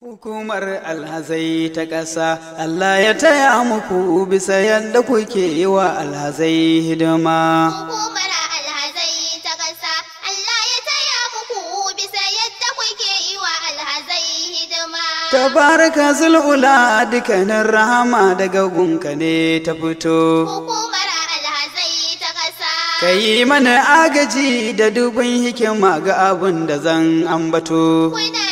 Hukumar alhazai ta ƙasa Allah ya taya muku bisa yadda kuke yi wa alhazai hidima. Hukumar alhazai ta ƙasa Allah ya taya muku bisa yadda kuke yi wa alhazai hidima. Tabaraka zul'ula dukkanin rahama daga gunka ne ta fito. Hukumar alhazai ta ƙasa. Ka yi mana agaji da dubin hikima ga abin da zan ambato. Kuna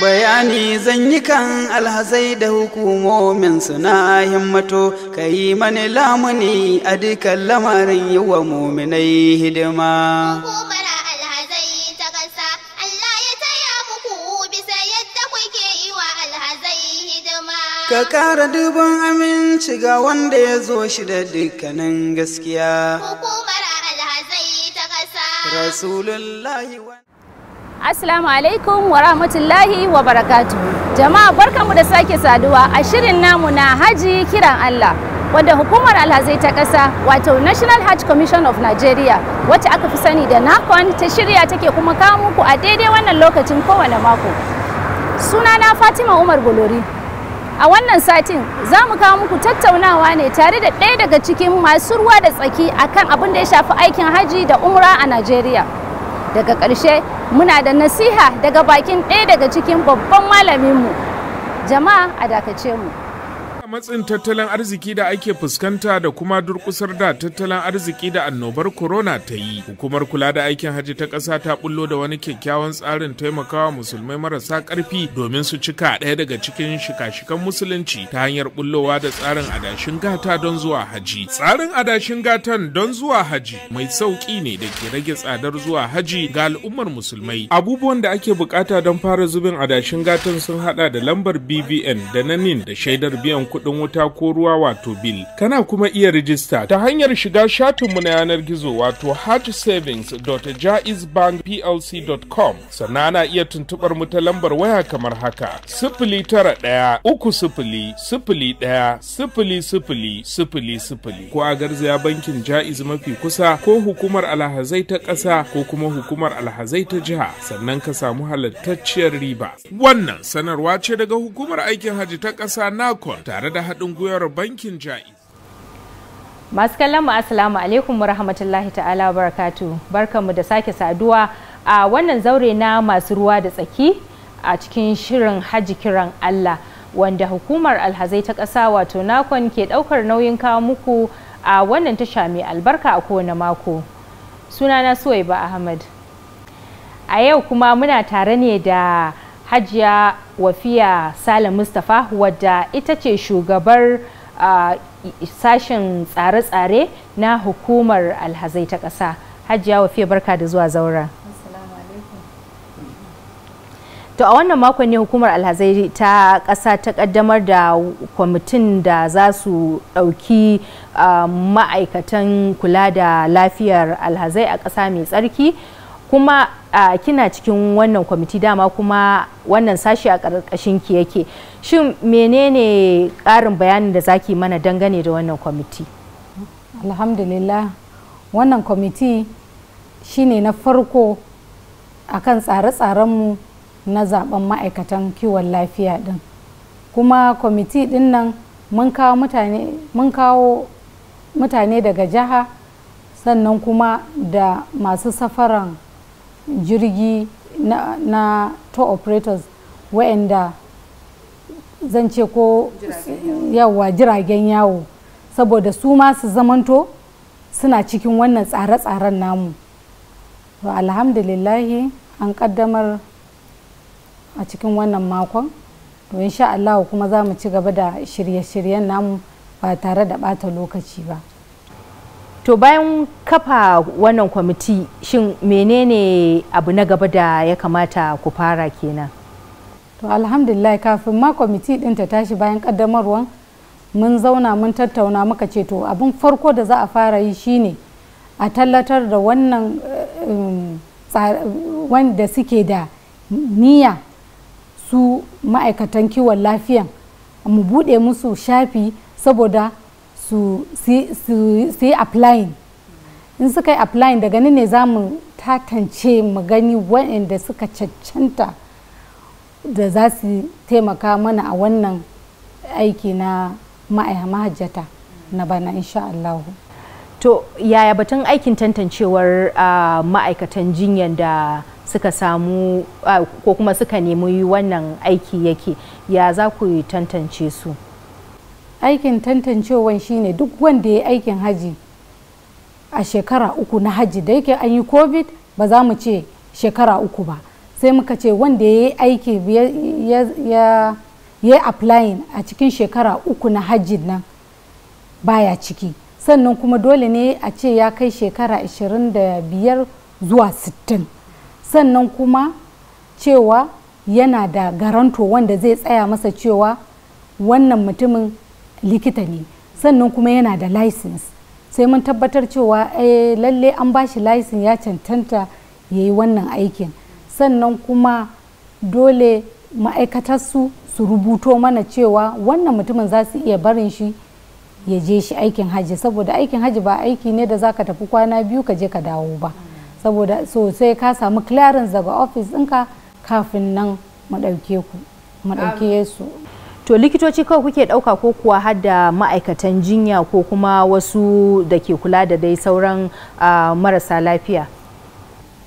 bayani zan yi kan alhazai da hukumomin suna himmato ka yi mani lamuni a dukkan lamarin yi wa muminai hidima Ka ƙara dubin aminci ga wanda ya zo shi da dukkanin gaskiya. Hukumar alhazai ta ƙasa. Rasulullahi Assalamu alaikum wa rahmatullahi wa barakatu. Jama'a barkanmu da sake saduwa a shirin namu na Haji kiran Allah wanda hukumar alhazai ta ƙasa wato National Hajj Commission of Nigeria wacce aka fi sani da NACON ta shirya take kuma kawo muku a daidai wannan lokacin kowane mako. Suna na Fatima Umar bulori A wannan satin za mu kawo muku tattaunawa ne tare da ɗaya daga cikin masu ruwa da tsaki akan abin da ya shafi aikin haji da umra a Najeriya. daga ƙarshe muna da nasiha daga bakin ɗaya daga cikin babban malaminmu jama'a a dakace mu a matsin tattalin arziki da ake fuskanta da kuma durkusar da tattalin arziki da annobar corona ta yi hukumar kula da aikin hajji ta ƙasa ta bullo da wani kyakkyawan tsarin taimakawa musulmai marasa ƙarfi domin su cika ɗaya daga cikin shika-shikan musulunci ta hanyar bullowa da tsarin adashin gata don zuwa haji tsarin adashin gatan don zuwa haji mai sauƙi ne da ke rage tsadar zuwa haji ga al'ummar musulmai abubuwan da ake bukata don fara zubin adashin gatan sun hada da lambar bbn da nanin da shaidar biyan kuɗin wuta ko ruwa wato bil Kana kuma iya rijista ta hanyar shiga shatinmu na yanar gizo wato hajsavings.jaizbankplc.com sannan ana iya tuntuɓar mu ta lambar waya kamar haka sifili tara ɗaya uku sifili sifili ɗaya sifili sifili sifili sifili ko a garzaya bankin ja'iz mafi kusa ko hukumar alhazai ta ƙasa ko kuma hukumar alhazai ta jiha sannan ka samu halattacciyar riba. Wannan sanarwa ce daga hukumar aikin hajji ta ƙasa nakon tare da haɗin gwiwar bankin ja'iz. masu kallon mu assalamu alaikum wa rahmatullahi ta'ala barakatu barkanmu da sake saduwa a wannan zaure na masu ruwa da tsaki a cikin shirin hajji kiran Allah wanda hukumar alhazai ta ƙasa wato nakon ke ɗaukar nauyin kawo muku a wannan tasha mai albarka a kowane mako sunana suwaiba ahmad a yau kuma muna tare ne da hajiya wafiya sale mustapha wadda ita ce shugabar uh, sashen tsare-tsare na hukumar alhazai ta ƙasa hajiya wafiya barka da zuwa zaura to a wannan makon ne hukumar alhazai ta ƙasa ta ƙaddamar da kwamitin da za su ɗauki ma'aikatan kula da lafiyar alhazai a ƙasa mai tsarki kuma uh, kina cikin wannan kwamiti dama kuma wannan sashi a ƙarƙashin ki yake shin menene ƙarin bayanin da zaki mana dangane da wannan kwamiti alhamdulillah wannan kwamiti shine na farko a kan tsare-tsarenmu na zaben ma'aikatan kiwon lafiya din kuma kwamiti din nan mun kawo mutane mun kawo mutane daga jiha sannan kuma da masu safaran jirgi na, na tour operators wa'anda zan ce ko yawa jiragen yawo saboda su masu zamanto suna cikin wannan tsare-tsaren namu to alhamdulillahi an kaddamar a cikin wannan makon to insha Allah kuma za mu ci gaba da shirye-shiryen namu ba tare da bata lokaci ba to bayan kafa wannan kwamiti shin menene abu na gaba da ya kamata ku fara kenan to alhamdulillah kafin ma kwamiti din ta tashi bayan kaddamarwa mun zauna mun tattauna muka ce to abin farko da za a fara yi shine a tallatar da wannan eh, eh, wanda suke da niyya su ma'aikatan kiwon lafiyan mu bude musu shafi saboda su yi applying in suka yi applying daga ni ne za mu tatance mu gani waɗanda suka cancanta da za su taimaka mana a wannan aiki na mahajjata na bana insha Allah. to yaya batun aikin tantancewar ah, ma'aikatan jinyar da suka samu ah, ko kuma suka nemi wannan aiki yake ya za ku tantance su aikin tantancewan shine duk wanda ya aikin haji a shekara uku na haji da yake an yi covid ba za mu ce shekara uku ba sai muka ce wanda ya yi aiki ya applying a cikin shekara uku na hajji nan baya ciki sannan kuma dole ne a ce ya kai shekara 25 zuwa 60 sannan kuma cewa yana da garanto wanda zai tsaya masa cewa wannan mutumin likita ne sannan kuma yana da license sai mun tabbatar cewa eh, lalle an ba shi license ya cancanta ya yi wannan aikin sannan kuma dole ma'aikatarsu su rubuto mana cewa wannan mutumin za su iya barin shi ya je shi aikin hajji saboda aikin hajji ba aiki ne da za ka tafi kwana biyu ka je ka dawo ba saboda so sai ka samu clearance daga ofis ɗinka kafin nan mu ku mu ɗauke su to likitoci kawai kuke ɗauka ko kuwa har ma'aikatan jinya ko kuma wasu da ke kula da dai sauran marasa lafiya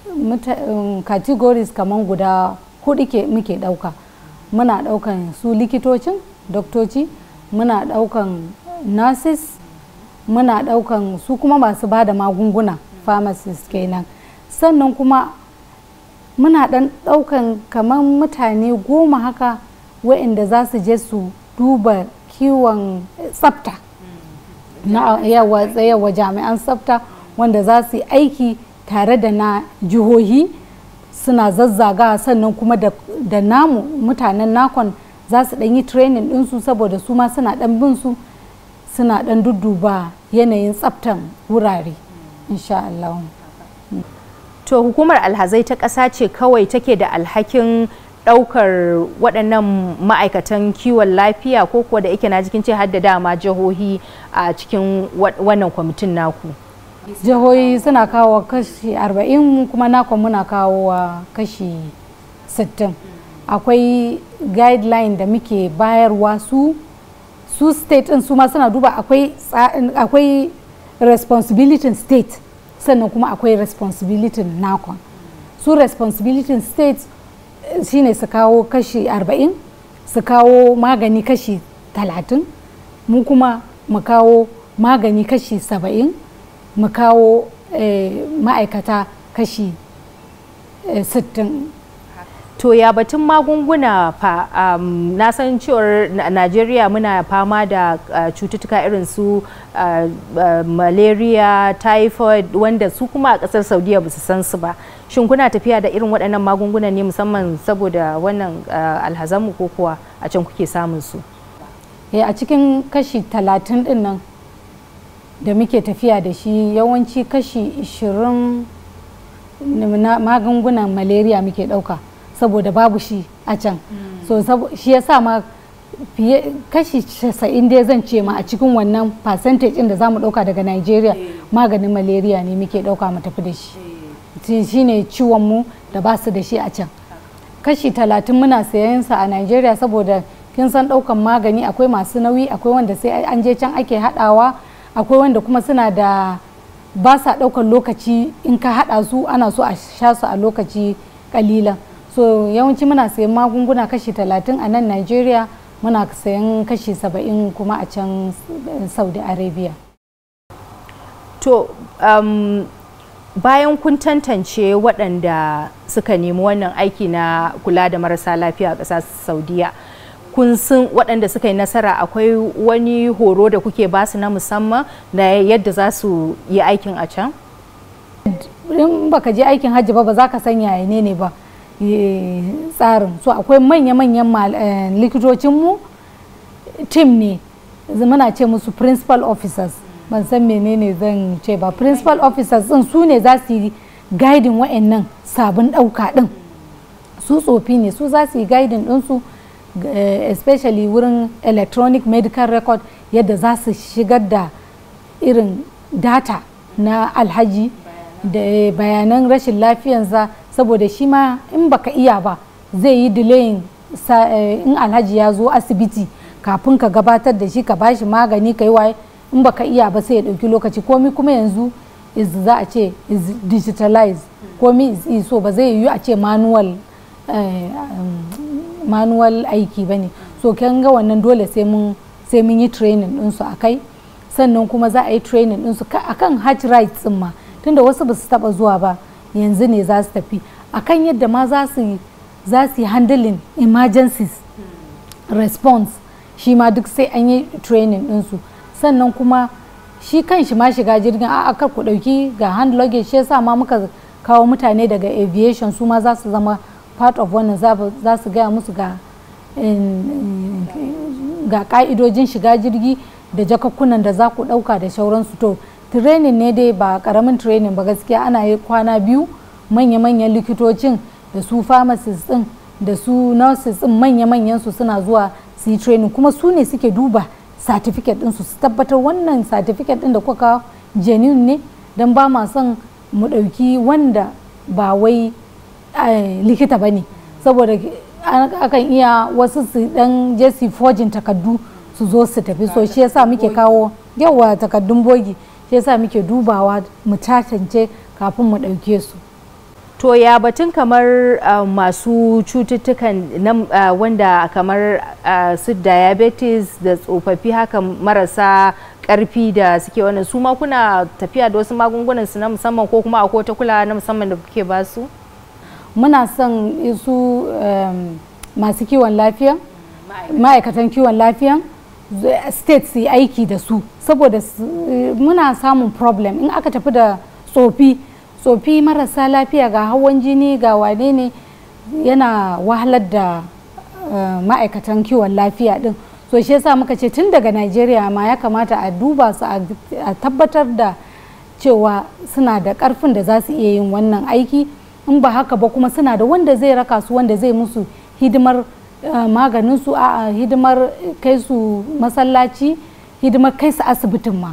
um, categories kamar guda hudu muke dauka muna daukan su likitocin doktoci muna daukan nurses muna daukan su kuma masu ba da magunguna pharmacist kenan sannan kuma muna dan daukan kamar mutane goma haka wa'inda za su je su duba kiwon tsafta mm-hmm. na yawa tsayawa jami'an tsafta wanda za su yi aiki tare da na jihohi suna zazzaga sannan kuma da namu mutanen nakon za su ɗan yi training ɗinsu saboda su ma suna ɗan bin su suna ɗan dudduba yanayin tsaftan wurare mm. insha'Allah. to hukumar alhazai ta ƙasa ce kawai take da alhakin daukar waɗannan ma'aikatan kiwon lafiya ko kuwa da ike na jikin ce har da dama jihohi a cikin wannan kwamitin naku jihohi suna kawo kashi 40 kuma naku muna kawo kashi 60 akwai guideline da muke bayarwa su su state ɗin su ma suna duba akwai responsibility state sannan kuma akwai responsibility nakon su responsibility state shine su kawo kashi 40 su kawo magani kashi 30 mu kuma mu kawo magani kashi 70 mu kawo eh, ma'aikata kashi 60 eh, to ya batun magunguna fa um, na san cewar najeriya muna fama da uh, cututtuka irin su uh, uh, malaria typhoid wanda su kuma a kasar saudiya ba su san su ba shin kuna tafiya da irin waɗannan magunguna ne musamman saboda wannan uh, alhazanmu ko kuwa a can kuke samun su hey, eh, a cikin kashi talatin din nan da muke tafiya da shi yawanci kashi ishirin magungunan malaria muke ɗauka saboda babu shi a can hmm. so shi sa ma kashi sa'in dai zan ce ma a cikin wannan percentage da zamu ɗauka daga Nigeria eh. maganin malaria ne muke ɗauka mu tafi da shi eh. shine ciwon mu da ba su da shi a can kashi talatin muna sayan sa a Nigeria saboda kin san daukan magani akwai masu nauyi akwai wanda sai an je can ake hadawa akwai wanda kuma suna da ba sa daukan lokaci in ka hada su ana so a sha su a lokaci kalilan so yawanci muna sayan magunguna kashi talatin a nan nigeria muna sayan kashi saba'in kuma a can eh, saudi arabia to um, bayan kun tantance waɗanda suka nemi wannan aiki na kula da marasa lafiya a ƙasar saudiya kun sun waɗanda suka yi nasara akwai wani horo da kuke ba su na musamman na yadda za su yi aikin a can? in baka je aikin hajji ba ba za ka san yaya ne ba tsarin su akwai manya-manyan eh, likitocinmu tim ne muna ce musu principal officers ban san menene zan ce ba principal officers din su ne za su yi gaidin wa'annan sabon ɗauka ɗin su tsofi ne su za su yi gaidin ɗinsu eh, especially wurin electronic medical record yadda za su shigar da irin data na alhaji da bayanan rashin lafiyansa saboda shi ma in baka iya ba zai yi delayin eh, in alhaji ya zo asibiti kafin ka gabatar da shi ka bashi magani ka yi waye in baka iya ba sai ya ɗauki lokaci komi kuma yanzu is za a ce is digitalized komi is so ba zai yi a ce eh, manual aiki ba ne so kin ga wannan dole sai mun sai mun yi training ɗinsu a kai sannan kuma za a yi training ɗinsu akan hatch rights ma tunda wasu ba su taɓa zuwa ba yanzu ne za su tafi akan yadda ma za su za su yi handling emergencies response shi ma duk sai an yi training ɗinsu sannan kuma shi kan shi ma shiga jirgin a kar ku ɗauki ga hand luggage shi yasa ma muka kawo mutane daga aviation su ma za su zama part of wannan za su gaya musu ga ga ka'idojin shiga jirgi da jakakkunan da za ku ɗauka da shauransu to training ne dai ba karamin training ba gaskiya ana yi kwana biyu manya-manyan likitocin da su pharmacists din da su nurses din manya-manyan su suna zuwa su yi training kuma su ne suke duba certificate din su su tabbatar wannan certificate din da kuka genuine ne don ba ma son mu ɗauki wanda ba wai eh, likita ba ne saboda akan iya wasu su dan jesse forging takardu su zo su tafi so shi yasa muke kawo yawa takardun bogi ya sa muke dubawa mu tatance kafin mu ɗauke su to ya batun kamar ah, masu cututtukan ah, wanda kamar ah, su diabetes da tsofaffi haka marasa karfi da suke wannan su ma kuna tafiya da wasu magungunan su na musamman ko kuma akwai wata kula na musamman da kuke ba su muna son su ehm, masu kiwon lafiya ma'aikatan kiwon lafiya state su yi aiki da su saboda eh, muna samun problem in aka tafi da tsofi tsofi marasa lafiya ga hawan jini ga wane ne yana wahalar da eh, ma'aikatan kiwon lafiya din so shi yasa muka ce tun daga najeriya ma ya kamata a duba su a tabbatar da cewa suna da karfin da za su iya yin wannan aiki in ba haka ba kuma suna da wanda zai raka su wanda zai musu hidimar Eh, maganin su a hidimar kai su masallaci hidimar kai su asibitin ma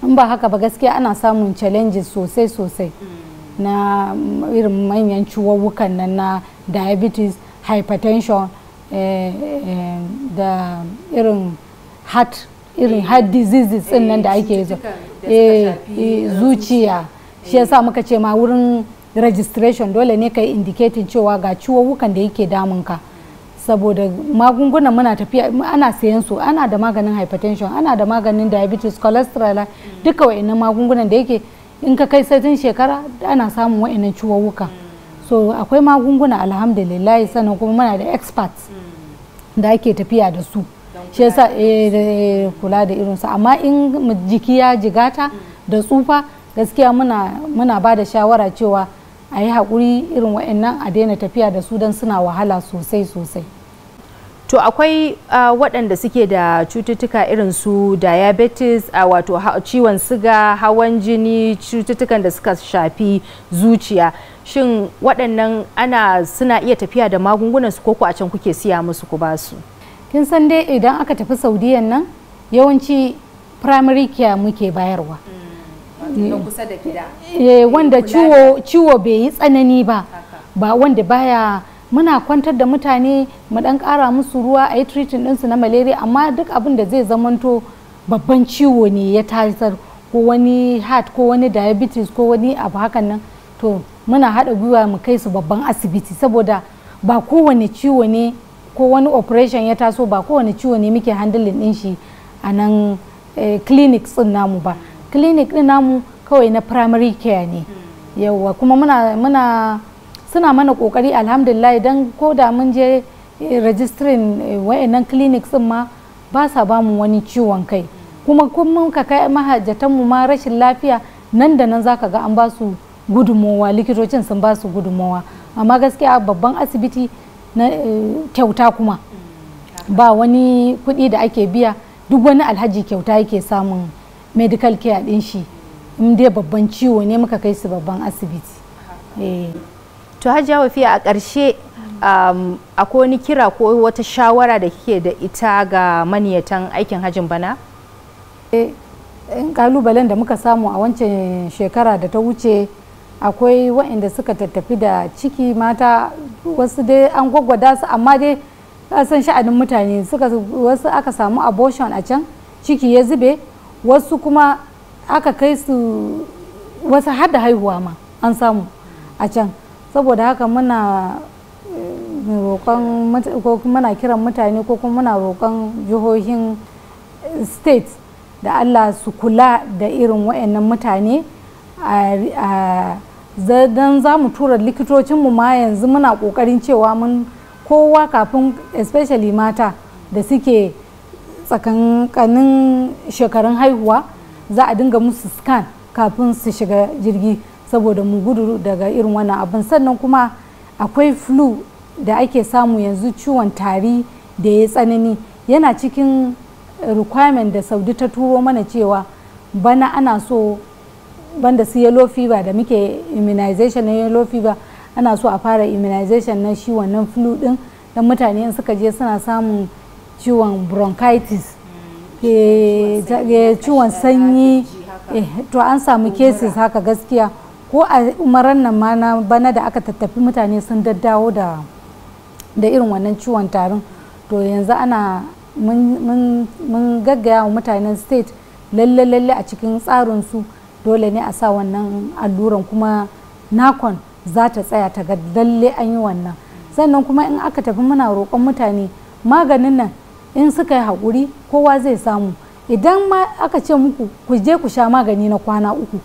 hmm. in ba haka ba gaskiya ana samun challenges sosai sosai hmm. na mm, irin manyan ciwuwukan nan na diabetes hypertension eh, eh, da irin heart irin heart diseases din nan da ake zuciya shi yasa muka ce ma wurin registration dole ne ka yi indicating cewa ga ciwuwukan da yake damunka ka saboda magungunan muna tafiya ana sayan su ana da maganin hypertension ana da maganin diabetes cholesterol duka wa'annan magungunan da yake in ka kai satin shekara ana samun wa'annan ciwuwuka mm. so akwai magunguna alhamdulillah sannan kuma muna da experts mm. da ake tafiya da su shi yasa kula da eh, irin su eh, amma in jiki ya jigata mm. da tsufa gaskiya muna ba da shawara cewa a yi haƙuri irin wa'annan a daina tafiya da su don suna wahala sosai sosai to akwai uh, waɗanda suke da cututtuka irin su diabetes a uh, wato ciwon siga hawan jini cututtukan da suka shafi zuciya shin waɗannan ana suna iya tafiya da magungunan su ku a can kuke siya musu ku basu kin san dai idan aka tafi saudiyan nan yawanci primary care muke bayarwa mm. Mm. kusa eh, wanda ciwo bai yi tsanani ba ba wanda baya muna kwantar da mutane mu dan kara musu ruwa a yi treating ɗinsu na malaria amma duk abin da zai zamanto babban ciwo ne ya tasar ko wani heart ko wani diabetes ko wani abu hakan nan to muna haɗa gwiwa mu kai su babban asibiti saboda ba kowane ciwo ne ko wani operation ya taso ba kowane ciwo ne muke handling ɗin shi a nan eh, clinics ɗin namu ba clinic ɗin namu kawai na primary care ne yawwa kuma muna muna suna mana kokari alhamdulillah idan ko da mun je eh, registering eh, wayannan clinic din ma ba sa ba mu wani ciwon kai kuma mun ka kai mahajjatan mu ma rashin lafiya nan da nan zaka ga an ba su gudunmowa likitocin sun ba su gudunmowa amma gaskiya babban asibiti na eh, kyauta kuma mm, ba wani kuɗi da ake biya duk wani alhaji kyauta yake samun medical care din shi in dai babban ciwo ne muka kai su babban asibiti eh. to hajiya wafiya a ƙarshe um, akwai wani kira ko wata shawara da kike da ita ga maniyatan aikin hajin bana kalubalen eh, da muka samu a wancan shekara da ta wuce akwai waɗanda suka tattafi da ciki mata wasu dai an gwaggwada su amma dai san sha'anin mutane wasu aka samu abortion a can ciki ya zube wasu kuma aka kai su wasu hada haihuwa ma an samu a can saboda haka muna eh, roƙon ko muna kiran mutane ko kuma muna roƙon jihohin state da allah su kula da irin wayannan mutane a don za mu tura likitocinmu ma yanzu muna ƙoƙarin cewa mun kowa kafin especially mata da suke tsakankanin shekarun haihuwa za a dinga musu scan kafin su shiga jirgi saboda mu gudu daga irin wannan abin sannan kuma akwai flu da ake samu yanzu ciwon tari da ya tsanani yana cikin requirement da saudi ta turo mana cewa bana ana so banda su yellow fever da muke immunization na yellow fever ana so a fara immunization na shi wannan flu din don mutane suka je suna samun ciwon bronchitis mm. ciwon sanyi eh, to an samu cases haka gaskiya ko a umaran nan ma na bana da aka tattafi mutane sun daddawo da da irin wannan ciwon tarin to yanzu ana mun gaggaya wa mutanen state lalle lalle a cikin tsarin su dole ne a sa wannan alluran kuma nakon za ta tsaya ta ga lalle an yi wannan mm. sannan kuma in aka tafi muna roƙon mutane maganin nan in suka yi hakuri kowa zai samu idan ma aka ce muku ku je ku sha magani na kwana uku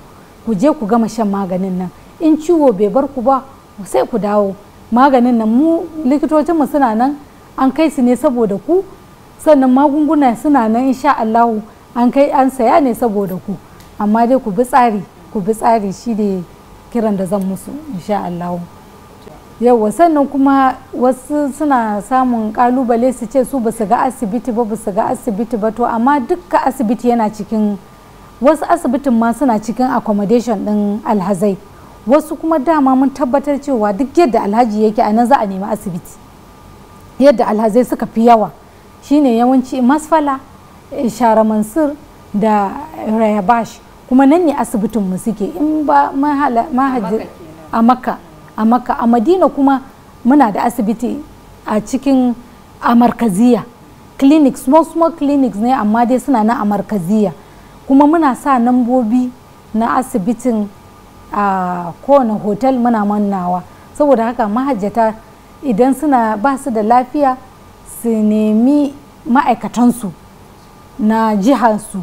ku je ku gama shan maganin nan in ciwo bai bar ku ba sai ku dawo maganin nan mu likitocinmu suna nan an kai su ne saboda ku sannan magunguna suna nan insha Allahu an kai an saya ne saboda ku amma dai ku bi tsari ku bi tsari shi kiran da zan musu insha Allahu yawa sannan kuma wasu suna samun kalubale su ce su basu ga asibiti ba basu ga asibiti ba to amma dukka asibiti yana cikin wasu asibitin ma suna cikin accommodation din alhazai wasu kuma dama mun tabbatar cewa duk yadda alhaji yake a nan za a nemi asibiti yadda alhazai suka fi yawa shine yawanci masfala eh, sharamansir da rayabash kuma nan ne asibitin mu suke in ba mahala a makka. a makka a madina kuma muna da asibiti a cikin a markaziya clinics small small clinics ne amma dai suna na a markaziya kuma muna sa nambobi na asibitin a kowane hotel muna mannawa saboda haka mahajjata idan suna ba su da lafiya su nemi ma'aikatansu na jiharsu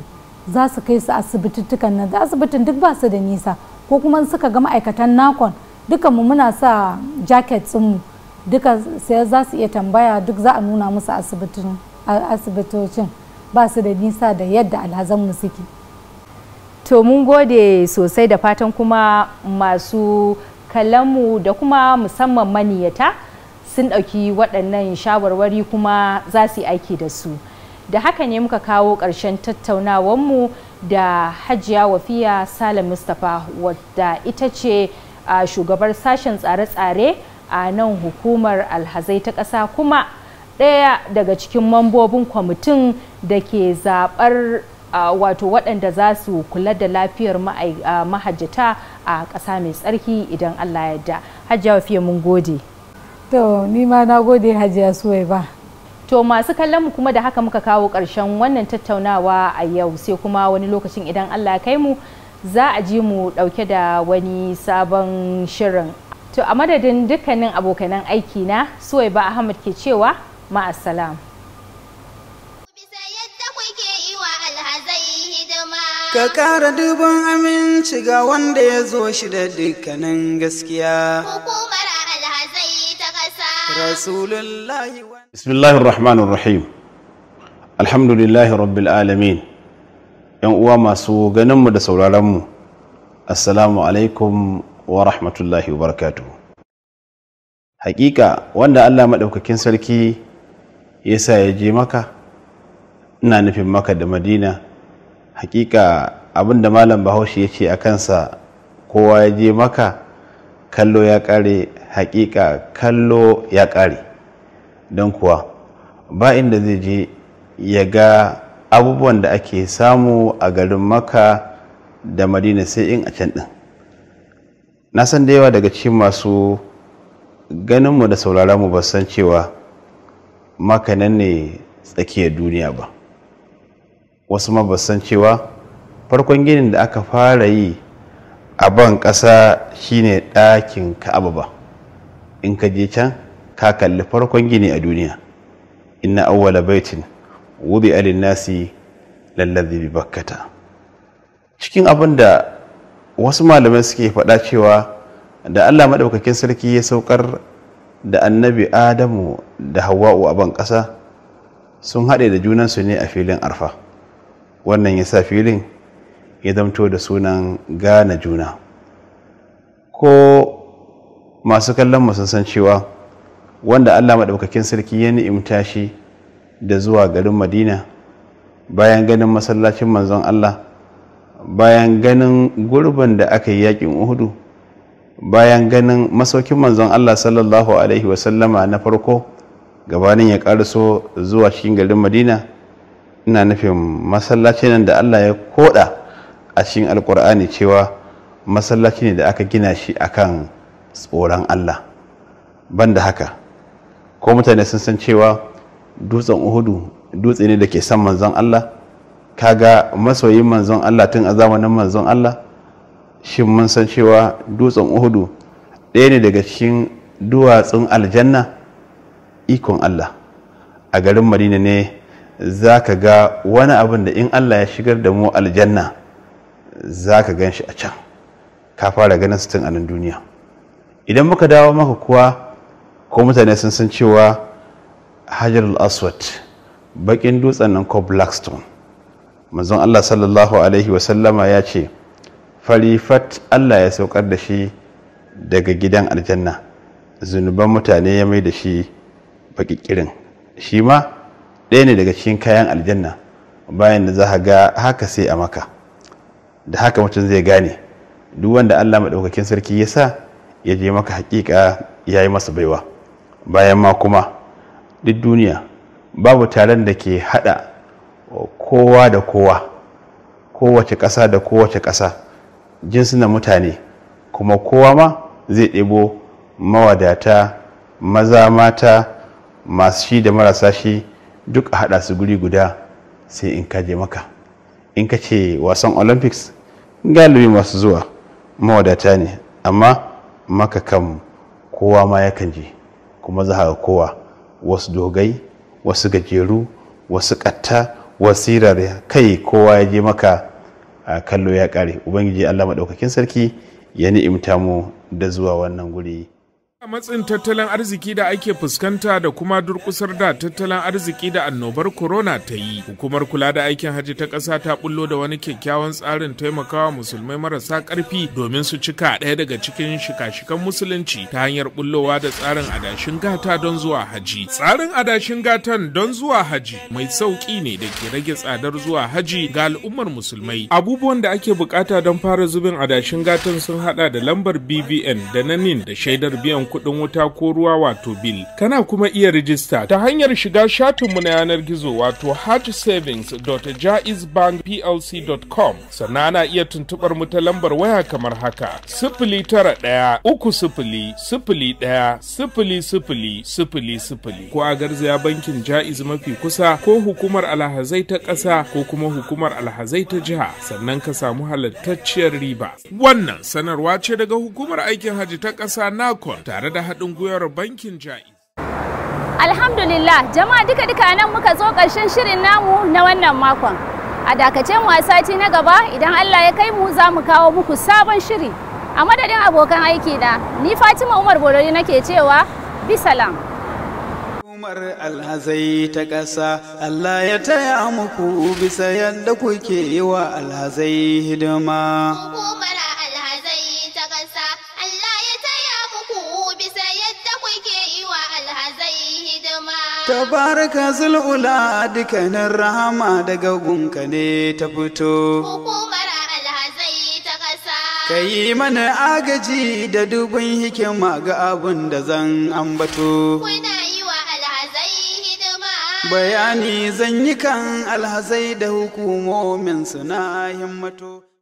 za su kai su asibitittukan da asibitin duk ba su da nisa ko kuma suka ga ma'aikatan nakon dukanmu muna sa jacket mu duka sai za su iya tambaya duk za a nuna musu asibitocin ba su da nisa da yadda alhazanmu suke to mun gode sosai da fatan kuma masu mu da kuma musamman maniyata sun ɗauki waɗannan shawarwari kuma za su yi aiki da su da haka ne muka kawo ƙarshen tattaunawarmu da hajiya wafiya salim mustapha wadda ita ce a shugabar sashen tsare-tsare a nan hukumar alhazai ta ƙasa kuma ɗaya daga cikin mambobin kwamitin da ke zaɓar wato waɗanda za su kula da lafiyar mahajjata a ƙasa mai tsarki idan allah yadda hajjiya fiye mun gode to ni ma na gode hajiya suwai ba To masu kallon mu kuma da haka muka kawo ƙarshen wannan tattaunawa a yau sai kuma wani lokacin idan Allah ya kai mu za a ji mu dauke da wani sabon shirin to a madadin dukkanin abokanan aiki na suwaiba ahmad ke cewa ma'asalam ka kara dubin aminci ga wanda ya zo shi da dukkanin gaskiya hukumar alhazai ta kasa rasulullahi rahmanir alhamdulillahi rabbil alamin 'yan uwa masu ganinmu da sauraronmu assalamu alaikum wa rahmatullahi wa barakatu hakika wanda allah maɗaukakin sarki ya sa ya je maka ina nufin maka da madina hakika abin da malam bahaushe ya ce a kansa kowa ya je maka kallo ya ƙare hakika kallo ya ƙare don kuwa ba inda zai je ya ga abubuwan da ake samu a garin maka da madina sai in a can ɗin na san da yawa daga cikin masu ganinmu da sauraronmu ba san cewa maka nan ne tsakiyar duniya ba wasu ma ba cewa farkon ginin da aka fara yi a ban ƙasa shine ɗakin ka'aba ba in ka je can ka kalli farkon gini a duniya inna awwala baitin wudi alin nasi lallazi bi bakkata cikin abin da wasu malamai suke faɗa cewa da allah maɗaukakin sarki ya saukar da annabi adamu da hawa'u a ban ƙasa sun haɗe da junansu ne a filin arfa wannan ya sa filin ya zamto da sunan Gana juna ko masu kallon sun san cewa wanda allah maɗaukakin sarki ya ni'imta shi da zuwa garin madina bayan ganin masallacin manzon allah bayan ganin gurbin da aka yi yakin uhudu bayan ganin masaukin manzon allah sallallahu alaihi wasallama na farko gabanin ya karaso zuwa cikin garin madina ina nufin masallacin da allah ya koda a cikin alkur'ani cewa masallaci ne da aka gina shi akan tsoron allah ban da haka ko mutane sun san cewa dutsen uhudu dutse ne da ke san manzon Allah kaga masoyin manzon Allah tun a zamanin manzon Allah shin mun san cewa dutsen uhudu ɗaya ne daga cikin duwatsun aljanna ikon Allah a garin madina ne za ka ga wani abin da in Allah ya shigar da mu aljanna za ka gan shi a can ka fara ganin su tun anan duniya idan muka dawo maka kuwa ko mutane sun san cewa hajarul aswad bakin dutsen nan ko blackstone manzon allah sallallahu alaihi wasallama ya ce farifat allah ya saukar da shi daga gidan aljanna zunuban mutane ya mai da shi bakikirin shi ma ɗaya ne daga cikin kayan aljanna bayan da za ga haka sai a maka da haka mutum zai gane duk wanda allah maɗaukakin sarki ya sa ya je maka hakika ya yi masa baiwa bayan ma kuma duk duniya babu taron da ke hada kowa da kowa kowace ƙasa da kowace ƙasa jinsunan mutane kuma kowa ma zai ɗebo mawadata maza mata masu shi da marasa shi duk a haɗa su guri guda sai in ka je maka in ka ce wasan olympics galibi masu zuwa mawadata ne amma maka kan kowa ma yakan je kuma za kowa wasu dogai wasu gajeru wasu ƙatta wasu kai kowa ya je maka a kallo ya ƙare ubangiji allah maɗaukakin sarki ya ni'imta mu da zuwa wannan guri matsin tattalin arziki da ake fuskanta da kuma durkusar da tattalin arziki da annobar corona ta yi hukumar kula da aikin hajji ta ƙasa ta bullo da wani kyakkyawan tsarin taimakawa musulmai marasa ƙarfi domin su cika ɗaya daga cikin shika-shikan musulunci ta hanyar bullowa da tsarin adashin gata don zuwa haji tsarin adashin gatan don zuwa haji mai sauƙi ne da ke rage tsadar zuwa haji ga al'ummar musulmai abubuwan da ake bukata don fara zubin adashin gatan sun haɗa da lambar bbn da nanin da shaidar biyan kuɗin wuta ko ruwa wato bil. Kana kuma iya rijista ta hanyar shiga shatinmu na yanar gizo wato com. sannan ana iya tuntuɓar mu ta lambar waya kamar haka sifili tara ɗaya uku sifili sifili ɗaya sifili sifili sifili sifili ko a garzaya bankin ja'iz mafi kusa ko hukumar alhazai ta ƙasa ko kuma hukumar alhazai ta jiha sannan ka samu halattacciyar riba. Wannan sanarwa ce daga hukumar aikin hajji ta ƙasa nakon tare da haɗin gwiwar bankin ja'i. Alhamdulillah jama'a duka duka nan muka zo ƙarshen shirin namu na wannan makon. A dakacin wasati na gaba idan Allah ya kai mu za mu kawo muku sabon shiri. A madadin abokan aiki na ni Fatima Umar Borori nake cewa bisalam. Umar alhazai ta ƙasa Allah ya taya muku bisa yadda kuke yi wa alhazai hidima. tabaraka zul'ula dukkanin rahama daga gunka ne ta fito hukumar alhazai ta ƙasa. ka yi mana agaji da dubin hikima ga abin da zan ambato yi alhazai hidima bayani zan yi kan alhazai da hukumomin suna himmato